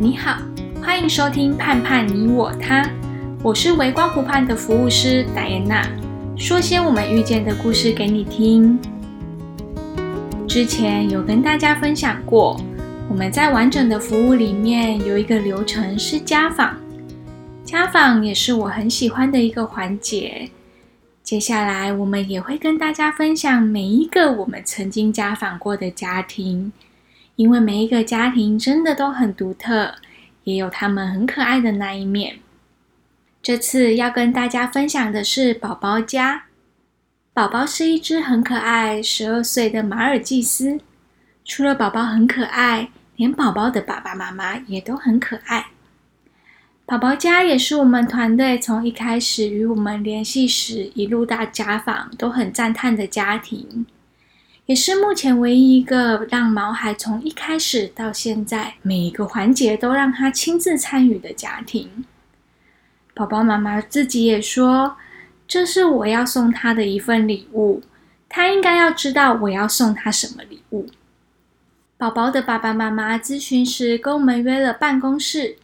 你好，歡迎收聽《盼盼你我他》，我是微光湖盼的服務師戴安娜，說些我們遇見的故事給你聽。之前有跟大家分享過，我們在完整的服務裡面有一個流程是家訪，家訪也是我很喜歡的一個環節。接下來我們也會跟大家分享每一個我們曾經家訪過的家庭。因為每一個家庭真的都很獨特，也有他們很可愛的那一面。這次要跟大家分享的是寶寶家，寶寶是一隻很可愛、十二歲的馬爾濟斯。除了寶寶很可愛，連寶寶的爸爸媽媽也都很可愛。寶寶家也是我們團隊從一開始與我們聯繫時，一路到家訪都很讚嘆的家庭。也是目前唯一一個讓毛孩從一開始到現在每一個環節都讓他親自參與的家庭。寶寶媽媽自己也說：“這是我要送他的一份禮物，他應該要知道我要送他什麼禮物。”寶寶的爸爸媽媽諮詢時跟我們約了辦公室。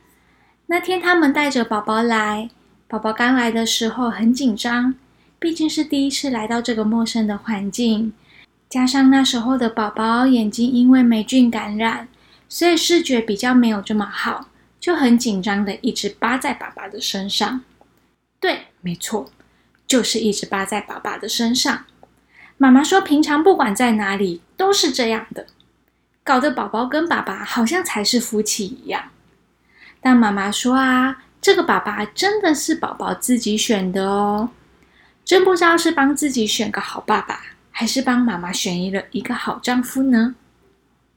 那天他們帶着寶寶來，寶寶剛來的時候很緊張，畢竟是第一次來到這個陌生的環境。加上那時候的寶寶眼睛因為霉菌感染，所以視覺比較沒有這麼好，就很緊張的一直扒在爸爸的身上。對，沒錯，就是一直扒在爸爸的身上。媽媽說平常不管在哪裡都是這樣的，搞得寶寶跟爸爸好像才是夫妻一樣。但媽媽說啊，這個爸爸真的是寶寶自己選的哦，真不知道是幫自己選個好爸爸，還是幫媽媽選一了一個好丈夫呢？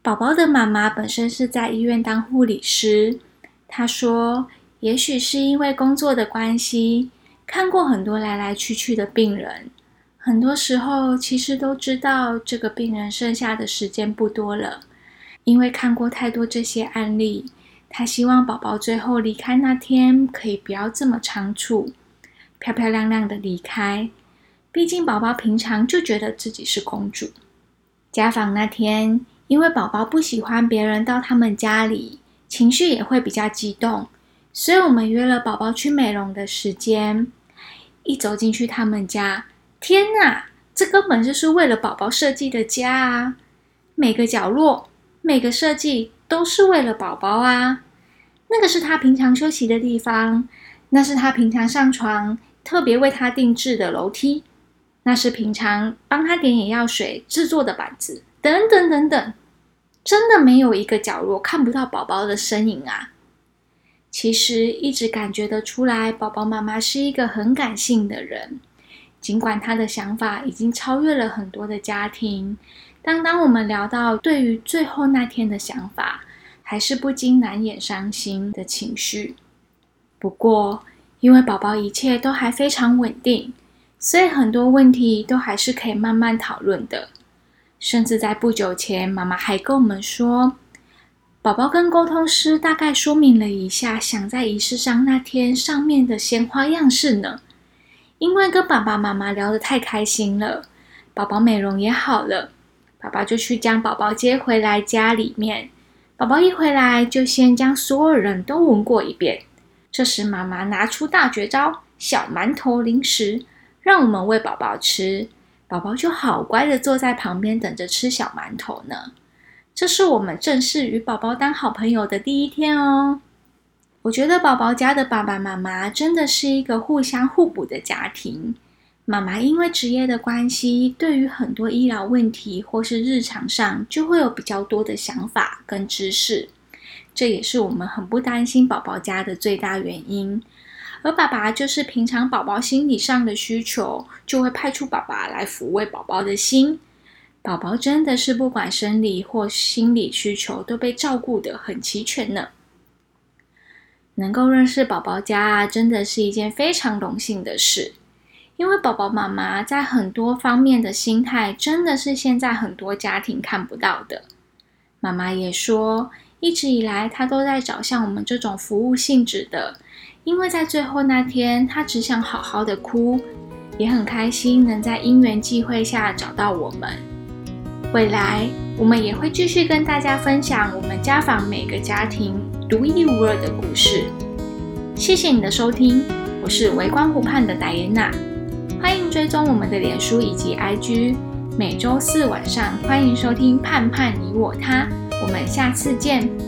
寶寶的媽媽本身是在醫院當護理師，她說，也許是因為工作的關係，看過很多來來去去的病人，很多時候其實都知道這個病人剩下的時間不多了，因為看過太多這些案例，她希望寶寶最後離開那天可以不要這麼倉促，漂漂亮亮的離開。畢竟寶寶平常就覺得自己是公主。家訪那天，因為寶寶不喜歡別人到他們家裡，情緒也會比較激動，所以我們約了寶寶去美容的時間。一走進去他們家，天哪，這根本就是為了寶寶設計的家啊！每個角落、每個設計都是為了寶寶啊！那個是他平常休息的地方，那是他平常上床，特別為他定制的樓梯。那是平常幫他點眼藥水、制作的板子，等等等等，真的沒有一個角落看不到寶寶的身影啊！其實一直感覺得出來，寶寶媽媽是一個很感性的人，儘管她的想法已經超越了很多的家庭，但當我們聊到對於最後那天的想法，還是不禁難掩傷心的情緒。不過，因為寶寶一切都還非常穩定。所以很多問題都還是可以慢慢討論的，甚至在不久前，媽媽還跟我們說，寶寶跟溝通師大概說明了一下，想在儀式上那天上面的鮮花樣式呢。因為跟爸爸媽媽聊得太開心了，寶寶美容也好了，爸爸就去將寶寶接回來家裡面。寶寶一回來就先將所有人都聞過一遍，這時媽媽拿出大絕招——小饅頭零食。讓我們餵寶寶吃，寶寶就好乖的坐在旁邊等着吃小饅頭呢。這是我們正式與寶寶當好朋友的第一天哦。我覺得寶寶家的爸爸媽媽真的是一個互相互補的家庭。媽媽因為職業的關係，對於很多醫療問題或是日常上就會有比較多的想法跟知識，這也是我們很不擔心寶寶家的最大原因。而爸爸就是平常寶寶心理上的需求，就會派出爸爸來撫慰寶寶的心。寶寶真的是不管生理或心理需求都被照顧的很齊全呢。能夠認識寶寶家，真的是一件非常榮幸的事，因為寶寶媽媽在很多方面的心態，真的是現在很多家庭看不到的。媽媽也說，一直以來她都在找像我們這種服務性質的。因為在最後那天，他只想好好的哭，也很開心能在因緣際會下找到我們。未來我們也會繼續跟大家分享我們家訪每個家庭獨一無二的故事。謝謝你的收聽，我是微光湖盼的戴妍娜，歡迎追蹤我們的臉書以及 IG。每周四晚上歡迎收聽《盼盼你我他》，我們下次見。